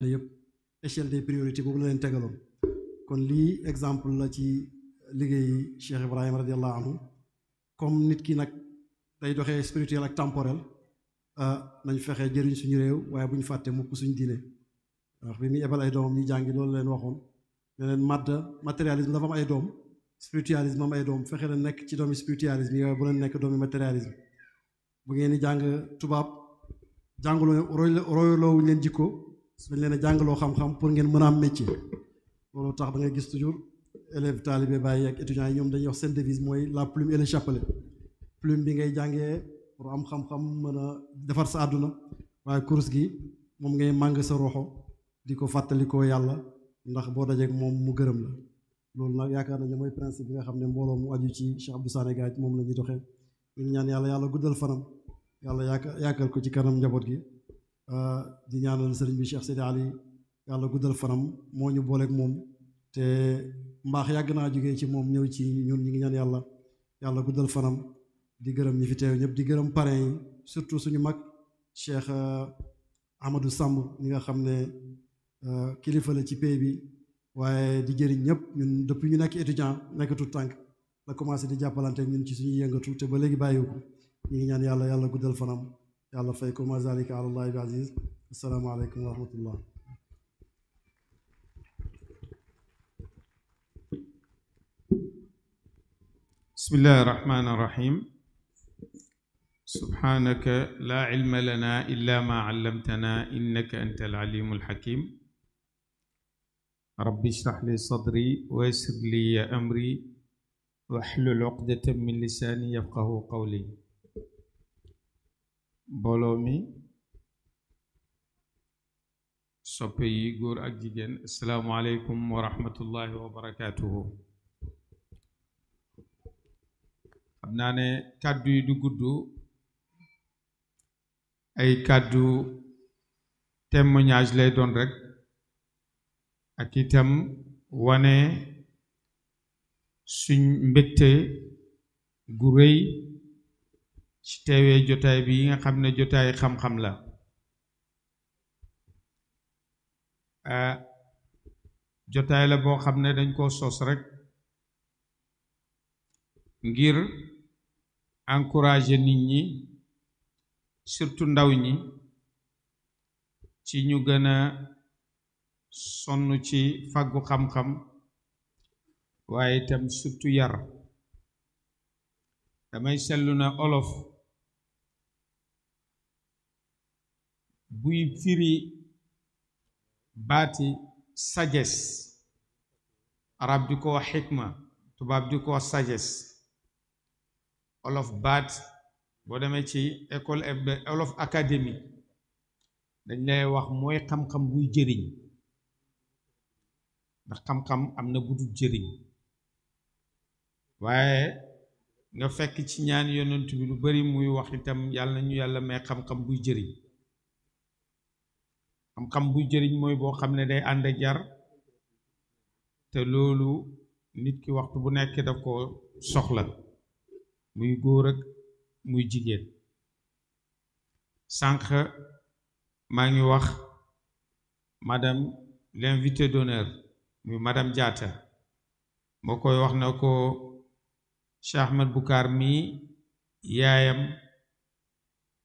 te yëpp échelle des priorités boobu la leen tegaloon kon lii exemple la ci liggéey Cheikh Ibrahima radiallahu anhu comme nit ki nag day doxee spirituel ak temporel nañ fexe jëriñ suñu réew waaye bu ñu fàtte mukk suñu diine wax bi muy ebal ay doomam ñu jàngi loolu leen waxoon ne leen màdd matérialisme dafa am ay doom spiritualisme am ay doom fexe leen nekk ci doomi spiritualisme yi waaye bu leen nekk doomi matérialisme bu ngeen di jàng tubaab jànguloo royloowuñ leen jikko su leen a jàngaloo xam-xam pour ngeen mën a am métier loolu tax da ngay gis toujours élèves talibé bàyyi ak étudiants yi ñoom dañuy wax seen devise mooy la plume et le plume bi ngay jàngee pour am xam mën a defar sa àdduna waaye course gi moom ngay màng sa roxo di ko fàttalikoo yàlla ndax boo dajeeg moom mu gërëm la loolu nag yaakaar nañ mooy principe bi nga xam ne mbooloo mu aju ci Cheikh Abdou Sané moom la ñuy doxee ñu ñaan yàlla yàlla guddal fanam yàlla yaakaar yaakaar ko ci kanam njaboot gi di ñaanal sëriñ bi Cheikh Seydi Ali yàlla guddal fanam moo ñu booleek moom te mbaax yàgg naa jógee ci moom ñëw ci ñun ñu ngi ñaan yàlla yàlla guddal fanam di gërëm ñi fi teew ñëpp di gërëm parrain yi surtout suñu mag Cheikh eh, Amadou Samb ñi nga xam ne eh, kilifa la ci pays bi waaye di jëriñ ñëpp ñun depuis ñu nekk étudiant nekk tout tànk la commencé di jàppalante ñun ci suñuy yëngatu te ba léegi bàyyiwu ko ñu ngi ñaan yàlla yàlla guddal fanam يعلم فيكم ما ذلك على الله بعزيز السلام عليكم ورحمة الله بسم الله الرحمن الرحيم سبحانك لا علم لنا إلا ما علمتنا إنك أنت العليم الحكيم رب اشرح لي صدري ويسر لي أمري واحلل عقدة من لساني يفقه قولي mbooloo mi soppe yi góor ak jigéen asalaamualeykum wa rahmatullahi wa barakaatuhu xam naa ne kàddu yi du gudd ay kàddu témoignage lay doon rek ak itam wane suñ mbégte gu rëy ci teewee jotaay bi yi nga xam ne jotaay xam-xam la jotaay la boo xam ne dañ koo sos rek ngir encourager nit ñi surtout ndaw ñi ci ñu gën a sonn ci faggu xam-xam waaye itam surtout yar damay sellu na olof buy firi baati sagesse arab di ko xikma tubaab di ko wax olof baat boo demee ci école hebdo olof académie dañ lay wax mooy xam-xam buy jëriñ ndax xam-xam am na bu jëriñ waaye nga fekk ci ñaan yonent lu bari muy wax itam yàlla nañu yàlla may xam-xam buy jëriñ xam-xam bu jëriñ mooy boo xam ne day ànd jar te loolu nit ki waxtu bu nekk daf ko soxla muy góor ak muy jigéen sànq maa ngi wax madame l'invité d'honneur muy madame Diatta moo koy wax na ko Cheikh Ahmed Boukar mii yaayam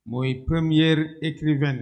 mooy première écrivaine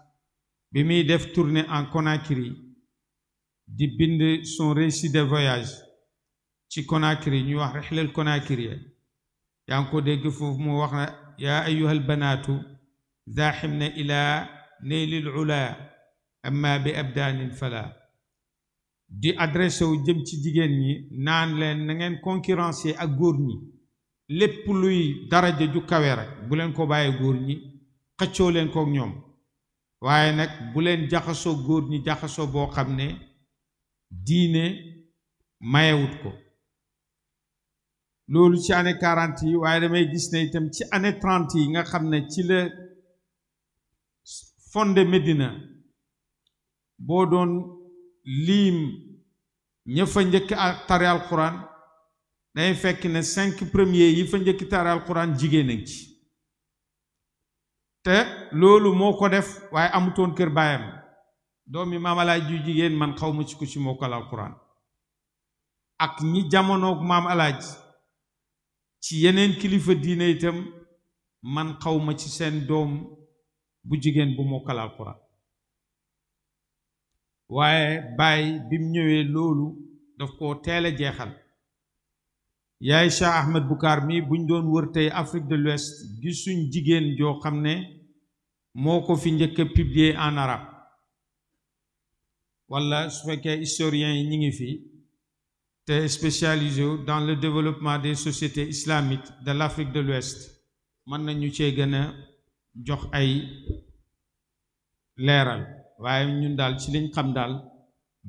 bimi def tourner en Conakry di bind son récit de voyage ci Conakry ñu wax rexlal Conakry ya ko deg foofu mu wax na yaa ayuha albanaatu zahimna ila ilaa neylil ulaa amma bi abdan fala di adressé wu jëm ci jigen ñi nan leen na ngeen concurrencer ak góor ñi lépp luy daraja ju kawe rek bu leen ko baye góor ñi xëccoo leen ak ñom waaye nag bu leen jaxasoo góor ñi jaxasoo boo xam ne diine mayewut ko loolu ci année quarante yi waaye damay gis ne itam ci anne trente yi nga xam ne ci la fondé Médina boo doon liim ña fa njëkk tari alquran day fekk ne cinq premier yi fa njëkk tari alquran jigéen ci te loolu moo ko def waaye amutoon kër baayam doomi maamalaay ju jigéen man xaw ma ci ko ci mokkal alquran ak ñi jamonoog maam alaaj ci yeneen kilifa diine itam man xawma ci seen doom bu jigéen bu mokkal alquran waaye baay bim ñëwee loolu daf ko teel a jeexal yaay Ahmed Bukarmi, mi buñ doon wër tey Afrique de l'Ouest gisuñ jigéen joo xam ne fi njëkk publier en arabe wala su fekkee historien yi ñi ngi fi spécialisé dans le développement des sociétés islamiques de l'Afrique de l'Ouest mën nañu cee gën a jox ay leeral waaye ñun daal ci liñ xam daal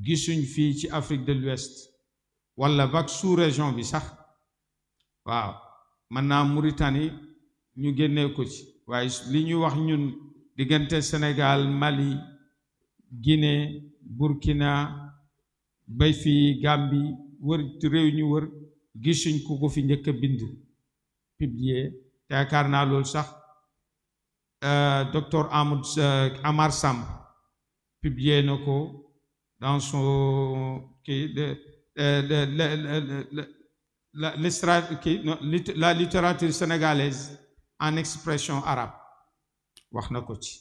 gisuñ ci Afrique de l'Ouest wala bak sous-région bi sax waaw mën naa Mauritanie ñu génnee ko ci waaye li ñu wax ñun diggante Sénégal Mali Guinée Burkina bay fii Gambie wër réew ñu wër gisuñ ko ko fi njëkk a bind publié te yaakaar naa loolu sax euh, docteur Amadou euh, Amar Samb publié na ko dans son kii de euh, la, littérature sénégalaise en expression arabe Waxna ko ci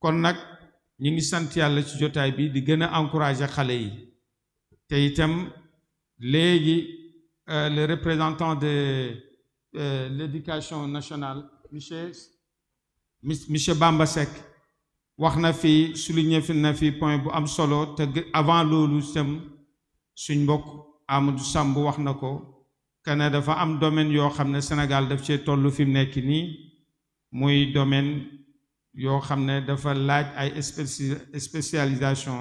kon nak ñi ngi sant Yalla ci encourager yi euh, le représentant de euh, l'éducation nationale Michel, Michel fi souligner fi point bu am solo avant suñ Amadou Samb wax na ko kana dafa am domaine yoo xam ne Sénégal def cee toll fi mu nekk nii muy domaine yoo xam ne dafa laaj ay spécialisation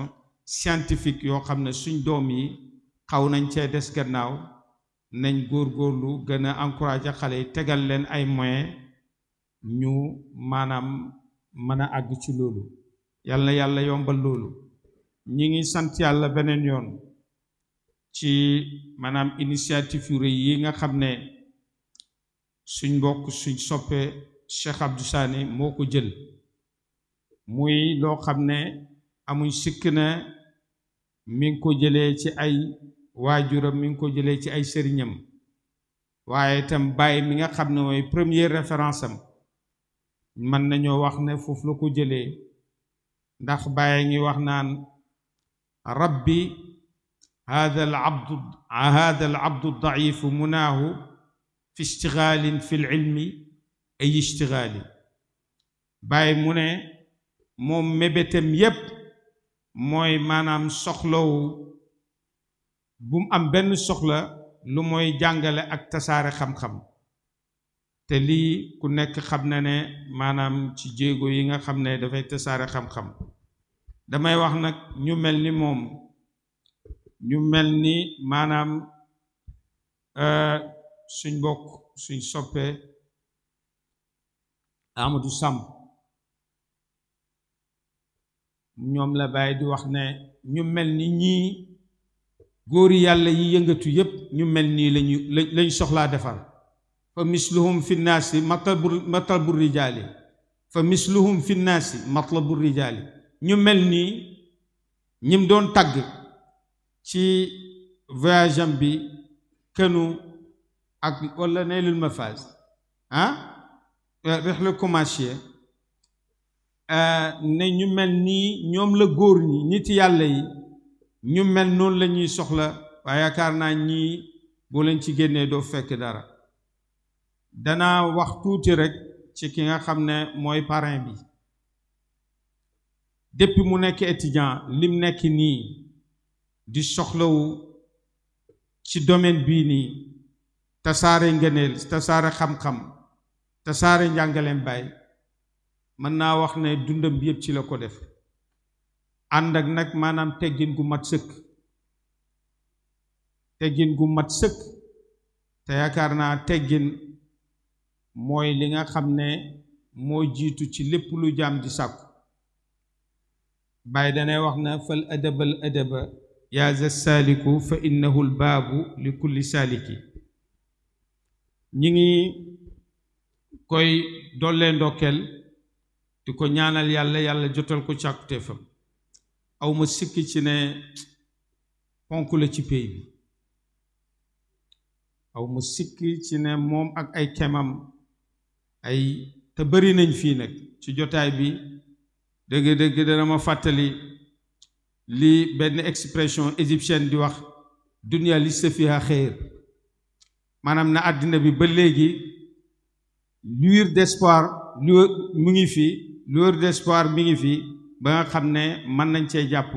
scientifique yoo xam ne suñ doom yi xaw nañ cee des gannaaw nañ góorgóorlu gën a encourager xale yi tegal leen ay moyens ñu maanaam mën a àgg ci loolu yàlla yàlla yombal loolu ñi ngi sant yàlla beneen yoon ci maanaam initiative yu rëy yi nga xam ne suñ mbokk suñ soppe Cheikh Abdou Sané moo ko jël muy loo xam ne amuñ sikk na mi ngi ko jëlee ci ay waajuram mi ngi ko jëlee ci ay sëriñam waaye itam bàyyi mi nga xam ne mooy premier référence am mën nañoo wax ne foofu la ko jëlee ndax bàyyi ngi wax naan rabbi هذا العبد هذا العبد الضعيف مناه في اشتغال في العلم اي اشتغال باي منى موم مبتم يب موي مانام سخلو بوم ام بن سخلا لو موي جانغال اك تسار خم خم te li ku nekk xam na ne maanaam ci jéego yi nga xam ne dafay tasaare xam-xam damay wax nag ñu mel ni moom ñu mel ni maanaam euh, suñ bokk suñ soppe Amadou Samb ñoom la bàyyi di wax ne ñu mel ni ñii góori yàlla yi yëngatu yépp ñu mel nii lañu lañ soxlaa defar fa misluhum fi nnaasi matlabu matlabu rijaali fa misluhum fi nnaasi matlabu rijaali ñu mel nii ñim doon tagg ci voyage bi kënu ak wala naylul mafaz ah euh, rihla commercier euh, ne ñu mel nii ñoom la góor ñi nit yàlla yi ñu mel noonu lañuy soxla waaye yaakaar naa ñii boo leen ci génnee doo fekk dara danaa wax tuuti rek ci ki nga xam ne mooy parrain bi depuis mu nekk étudiant lim nekk nii di soxlawu ci domaine bii nii tasaare ngëneel tasaare xam-xam tasaare njàngaleem baay mën naa wax ne dundam yépp ci la ko def ànd ak nag maanaam teggin gu mat sëkk gu mat sëkk te yaakaar naa teggin mooy li nga xam ne moo jiitu ci lépp lu jaam di sàkku baay danay wax na fal adabal adaba Ya saliku يا ذا السالك فإنه الباب saliki. سالك ngi كوي dolle دوكل di ko ñaanal yàlla yàlla jotal ko càkkuteefam aw ma sikki ci ne ponk la ci pay bi aw ma sikki ci ne moom ak ay kemam ay te bari nañ fii nag ci jotaay bi dëgg-dëgg dana ma fàttali li benn expression égyptienne di wax dunia li safiha xeer maanaam na àddina bi ba léegi lueur d'espoir mu ngi fi lueur d'espoir mi ngi fi ba nga xam ne mën nañ cee jàpp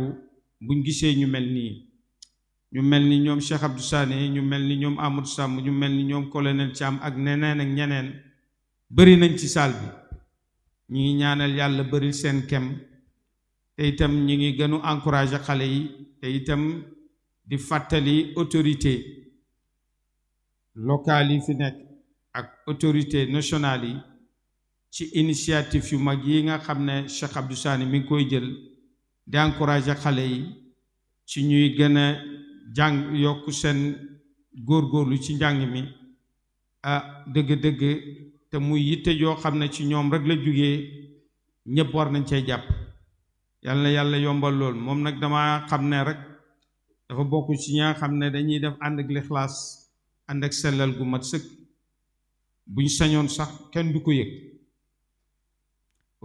buñ gisee ñu mel nii ñu mel ni ñoom Cheikh Abdou Sané ñu mel ni ñoom Amadou sàmm ñu mel ni ñoom colonel Thiam ak neneen ak ñeneen bari nañ ci saal bi ñu ngi ñaanal yàlla bari seen kem te itam ñi ngi gënu encourage xale yi te itam di fàttali autorité locale yi fi nekk ak autorité nationale yi ci initiative yu mag yi nga xam ne Cheikh Abdou Sani mi ngi koy jël di encouragé xale yi ci ñuy gën a jàng yokk seen góorgóorlu ci njàng mi ah dëgg-dëgg te muy yitte yoo xam ne ci ñoom rek la jógee ñëpp war nañ cee jàpp yàlla na yàlla yombal lool moom nag dama xam ne rek dafa bokk ci ñaa xam ne dañuy def ànd ak lixlaas ànd ak sellal gu mat sëkk buñ sañoon sax kenn du ko yëg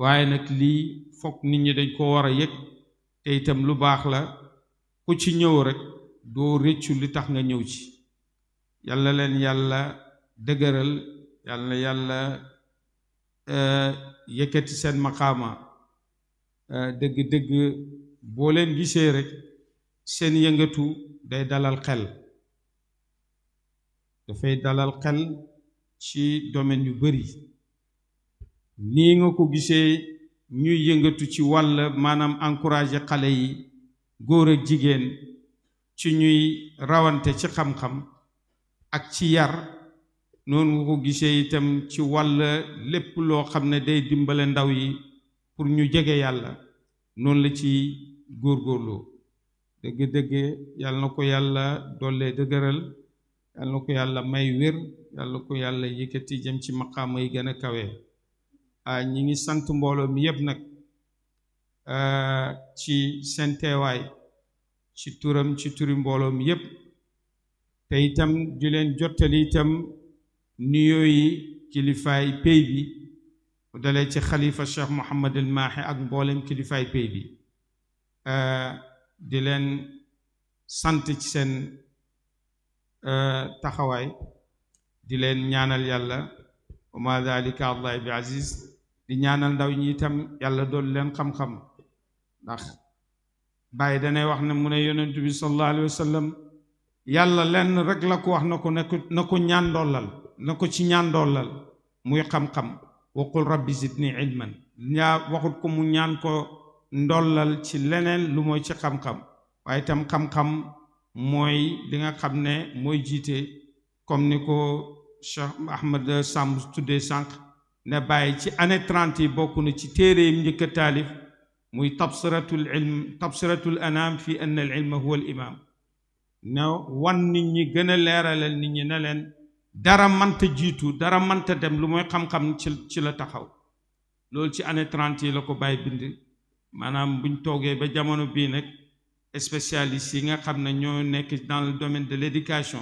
waaye nag lii foog nit ñi dañ koo war a yëg te itam lu baax la ku ci ñëw rekk doo rëccu li tax nga ñëw ci yàlla leen yàlla dëgëral yàlla yàlla eh, yëkkati seen maqaama dëgg-dëgg euh, boo leen gisee rek seen yëngatu day dalal xel dafay dalal xel ci domaine yu bari nii nga ko gisee ñuy yëngatu ci wàll maanaam encourager xale yi góor ak jigéen ci ñuy rawante ci xam-xam ak ci yar noonu nga ko gisee itam ci wàll lépp loo xam ne day dimbale ndaw yi pour ñu jege yàlla noonu la ci góorgóorloo dëgg-dëgg yàlla na ko yàlla dollee dëgëral yàlla na ko yàlla may wér yàlla ko yàlla yëkkati jëm ci maqaama yi gën a kawe a ñi ngi sant mbooloo mi yëpp nag ci seen teewaay ci turam ci turi mbooloo mi yëpp te itam di leen jottali itam nuyoo yi kilifaay pay bi bu dalee ci xalifa cheikh Mouhamadul Mahi ak mboolem kilifaay pay bi di leen sant ci seen taxawaay di leen ñaanal yàlla wa ma dalika allahi bi aziz di ñaanal ndaw ñi itam yàlla dool leen xam-xam ndax bàyyi danay wax ne mu ne yonent bi sallallahu alayhi wa sallam yàlla lenn rek la ko wax na ko na ko ñaan dollal na ko ci ñaan dollal muy xam-xam وقل ربي زدني علما ñaa waxut ko mu ñaan ko ndollal ci leneen lu mooy ci xam-xam waaye itam xam-xam mooy li nga xam ne mooy jiite comme ni ko Cheikh Ahmed Samb tuddee sànq ne bàyyi ci année trente yi bokk na ci téeréem njëkk a taalif muy tabsiratul ilm tabsiratul anam fi anna al ilma huwa al imam ne wan nit ñi gën a leeralal nit ñi ne leen dara mënta jiitu dara mante dem lu mooy xam-xam ci ci la taxaw loolu ci année trente yi la ko bàyyi bind maanaam buñ toogee ba jamono bii nag spécialistes yi nga xam ne ñoo nekk dans le domaine de l'éducation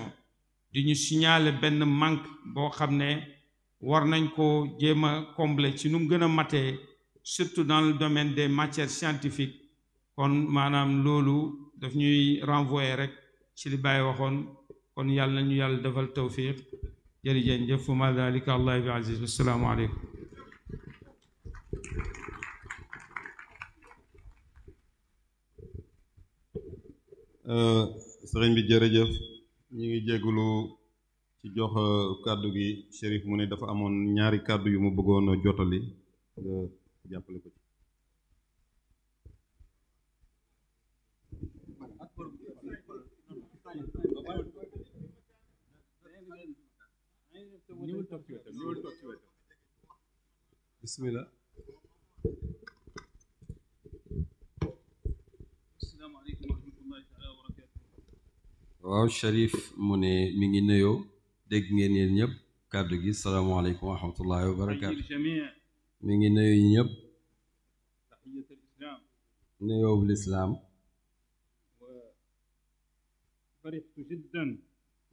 di ñu siñaale benn manque boo xam ne war nañ ko jéem a combler ci nu mu gën a matee surtout dans le domaine des matières scientifiques kon maanaam loolu daf ñuy renvoyer rek ci li bàyyi waxoon kon yalla ñu yalla defal tawfiq jërëjëf jëf fu ma zalika allah bi aziz assalamu alaykum euh sëriñ bi jërëjëf ñi ngi jéggulu ci jox euh, kaddu gi Chérif mu ne dafa amoon ñaari kaddu yu mu bëggoon jotali jottali nga jàppale ko ci will talk to you later. We will talk to you later. Bismillah. السلام عليكم ورحمة الله تعالى وبركاته. waaw Cherif mu ne mi ngi nuyoo dégg ngeen yéen ñëpp kàddu gi salaamaaleykum wa rahmatullahi wa barakaatu. mi ngi nuyu ñëpp. nuyoo bu lislaam.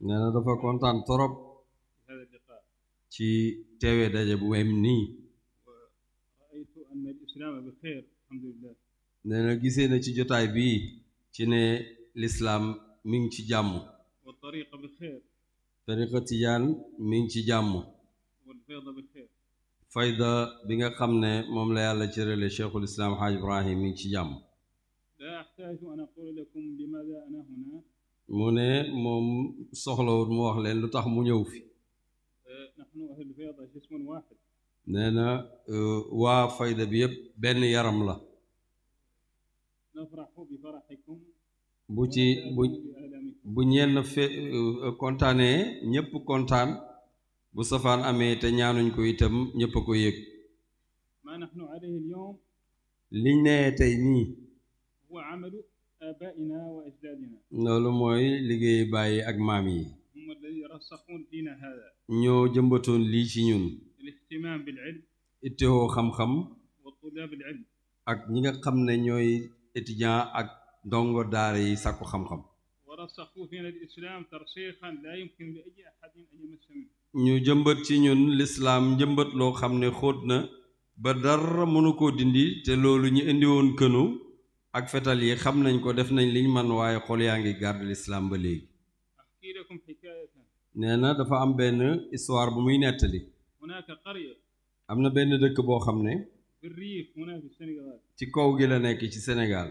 nee na dafa kontaan trop. ci teewee daje bu mel nii nee na gisee na ci jotaay bii ci ne lislaam mi ngi ci jàmm tariqa tijaan mi ngi ci jàmm fayda bi nga xam ne moom la yàlla cërale cheikhul islaam xaaj ibrahim mi ngi ci jàmm mu ne moom soxlawut mu wax leen lu tax mu ñëw fi nee euh, waa fayda bi yëpp benn yaram la bu ci bu bu ñenn fe euh, kontaanee ñëpp kontaan bu safaan amee te ñaanuñ ko itam ñëpp ko yëg liñ ne tey nii loolu mooy liggéey bàyyi ak maam yi ñoo jëmbatoon lii ci ñun ittewoo xam-xam ak ñi nga xam ne ñooy étudiant ak ndongo daara yi sàkku xam-xam ñu jëmbat ci ñun lislaam jëmbat loo xam ne xóot na ba dara mënu koo dindi te loolu ñu indi woon kënu ak fetal yi xam nañ ko def nañ liñ man waaye xol yaa ngi garde lislaam ba léegi nee na dafa am benn histoire bu muy nettali am na benn dëkk boo xam ne ci kaw gi la nekk ci senegaal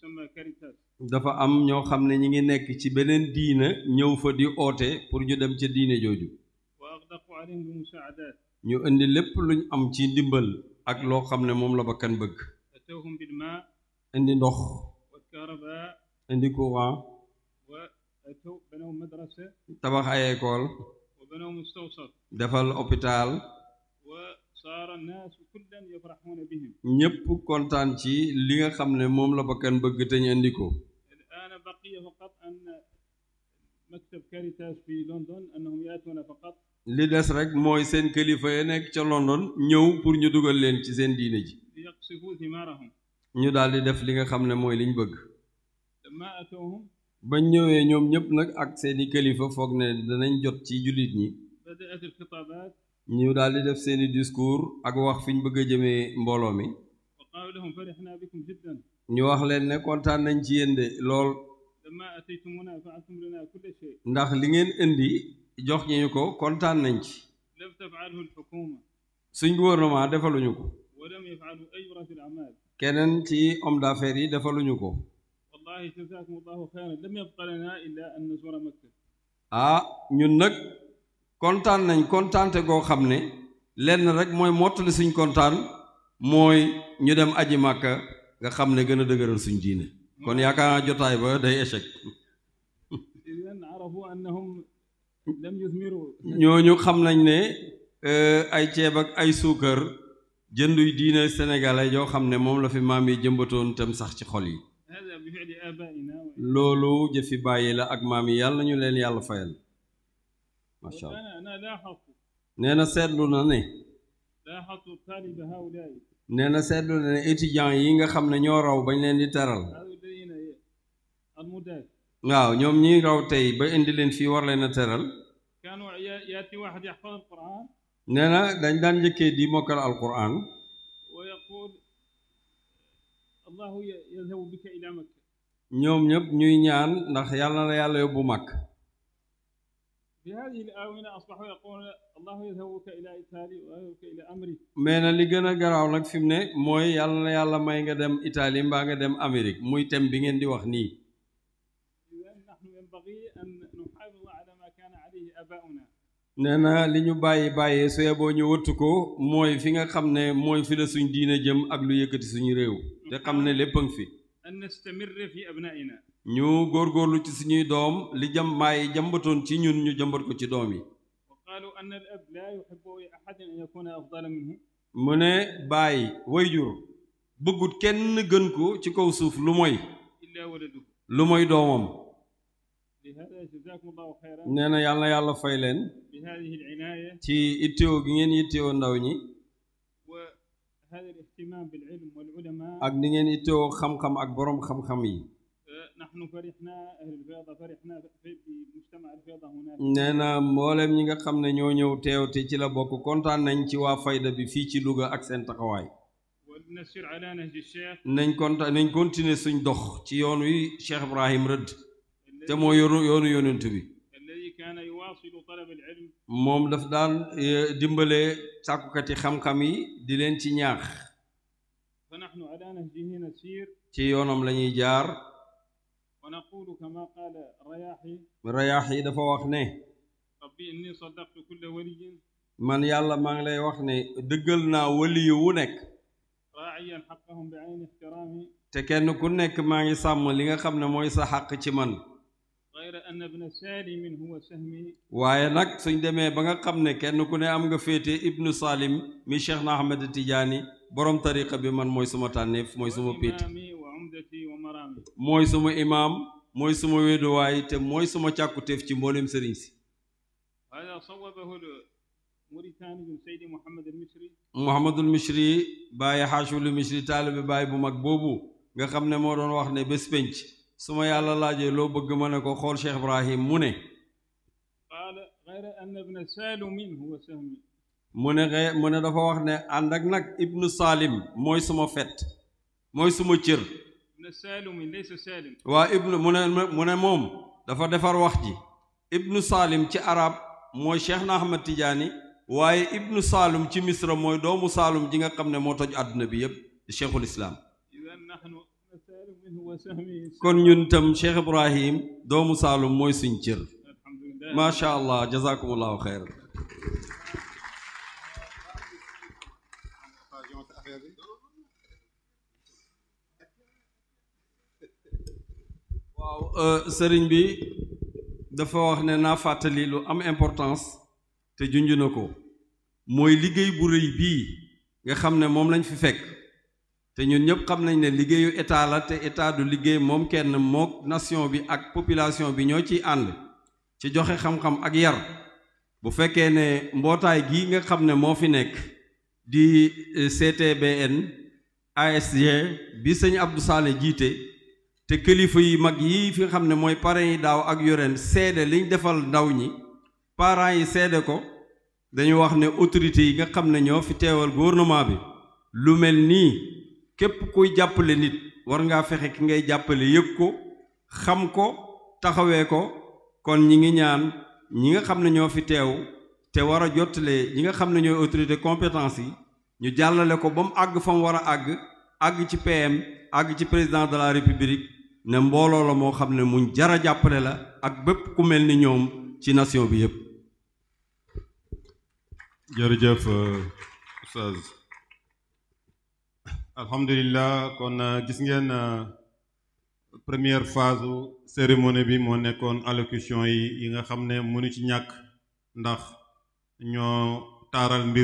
Sénégal dafa am ñoo xam ne ñi ngi nekk ci beneen diina ñëw fa di oote pour ñu dem ca diine jooju ñu indi lépp luñ am ci ndimbal ak loo xam ne moom la ba kan bëgg indi ndox indi courant tabax ay école defal hôpital ñëpp kontaan ci li nga xam ne moom la bakkan bëgg te ñu indi ko li des rek mooy seen kilifa ya nekk ca London ñëw pour ñu dugal leen ci seen diine ji ñu daal di def li nga xam ne mooy li ñu bëgg ba ñëwee ñoom ñëpp nag ak seeni kilifa foog ne danañ jot ci jullit ñi ñu daal di def seeni discours ak wax fi ñu bëgg a jëmee mbooloo mi ñu wax leen ne kontaan nañ ci yéen de lool ndax li ngeen indi jox ñu ko kontaan nañ ci suñ gouvernement defaluñu ko keneen ci homme d'affaires yi defaluñu ko والله جزاكم الله خيرا ah ñun nag kontaan nañ kontaante goo xam ne lenn rek mooy mottali suñ kontaan mooy ñu dem aji màkka nga xam ne gën a dëgëral suñ diine kon yaakaar naa jotaay ba day échec ñooñu xam nañ ne eh, ay ceeb ak ay suukar jënduy diine sénégalais yoo xam ne moom la fi maam yi jëmbatoon tam sax ci xol yi loolu jëfi bàyyi la ak maam yi yàlla ñu leen yàlla fayal macha na seetlu na ne nee na seetlu na ne étudiant yi nga xam ne ñoo raw bañ leen di teral waaw ñoom ñi raw tey ba indi leen fii war leen teral nee dañ daan njëkkee di mokkal alquran ñoom ñëpp ñuy ñaan ndax yàlla na yàlla yóbbu mag mais na li gën a garaaw nag fi ne mooy yàlla na yàlla may nga dem Italie mbaa nga dem Amérique muy thème bi ngeen di wax nii nee na li ñu bàyyi bàyyee su yeboo ñu wëttu ko mooy fi nga xam ne mooy fi la suñ diina jëm ak lu yëkkati suñu réew te xam ne lépp fi an nastamir fi abnaina góorgóorlu ci suñuy doom li jam maay jambatoon ci ñun ñu jambat ko ci doom yi wa qaalu an mu ne bàyyi wayjur bëggut kenn gën ko ci kaw suuf lu mooy illa waladuhu lu mooy doomam nee na yàlla yàlla fay leen ci ittewoo gi ngeen ittewoo ndaw ñi هذا الاهتمام بالعلم والعلماء ak ni ngeen ittoo xam-xam ak borom xam-xam yi نحن فرحنا أهل البيضة فرحنا في مجتمع البيضة هناك نانا مولم نيغا تيو تي ci la bokk kontaan nañ ci waa fayda bi fii ci Louga ak seen taxawaay ونسير على نهج الشيخ nañ kontaan nañ continuer suñ dox ci yoon wi Cheikh Ibrahim Rëdd te moo yoonu yoonu bi moom daf daan eh, dimbale sàkkukati xam-xam yi di leen ci ñaax ci yoonam la ñuy jaar rayaax yi dafa wax ne man yàlla maa ngi lay wax ne dëggal naa waliyu wu nekk te kenn ku nekk maa ngi sàmm li nga xam ne mooy sa xàq ci man غير أن ابن سالم هو سهمي وهي نك سيندم بغا خمنه كين كون ام غا فيتي ابن سالم مي شيخنا احمد التجاني بروم طريقه بي من موي سوما تانيف موي سوما بيت موي سوما امام موي سوما ويدو واي تي موي سوما تياكو تيف تي مبولم سيرين سي هذا صوبه موريتاني سيد محمد المصري محمد المصري باي حاشو المصري طالب باي بو ماك بوبو nga xamne mo doon wax ne bespench su ma yàlla laajee loo bëgg ma ne ko xool Cheikh Ibrahim mu ne mu ne xee mu ne dafa wax ne ànd ak nag ibnu saalim mooy suma fet mooy suma cër waa ibnu mu ne mu ne moom dafa defar wax ji ibnu Salim ci arab mooy Cheikh na Ahmad Tidiane waaye ibnu Saalum ci misra mooy doomu Saalum ji nga xam ne moo toj àdduna bi yépp cheikhul islaam kon ñun tam Cheikh Ibrahim doomu Saalum mooy suñ cër macha allah jazakumullahu xeyr waaw sëriñ bi dafa wax ne naa fàttali lu am importance te junj na ko mooy liggéey bu rëy bii nga xam ne moom lañ fi fekk te ñun ñëpp xam nañ ne liggéeyu état la te état du liggéey moom kenn mook nation bi ak population bi ñoo ci ànd ci joxe xam-xam ak yar bu fekkee ne mbootaay gi nga xam ne moo fi nekk di eh, CTBN ASG bi sëñ Abdou Sané jiite te kilifa yi mag yi fi nga xam ne mooy parents yi daaw ak yoreen seede liñ defal ndaw ñi parents yi seede ko dañu wax ne autorités yi nga xam ne ñoo fi teewal gouvernement bi lu mel nii képp kuy jàppale nit war ngaa fexe ki ngay jàppale yëg ko xam ko taxawee ko kon ñi ngi ñaan ñi nga xam ne ñoo fi teew te war a jottalee ñi nga xam ne ñooy autorité compétence yi ñu jàllale ko ba mu àgg fa mu war a àgg àgg ci PM àgg ci président de la république ne mbooloo la moo xam ne muñ jara jàppale la ak bépp ku mel ni ñoom ci nation bi yépp euh, alhamdulilah kon euh, gis ngeen euh, première phase cérémonie bi moo nekkoon allocution yi yi nga xam ne mënu ci ñàkk ndax ñoo taaral mbir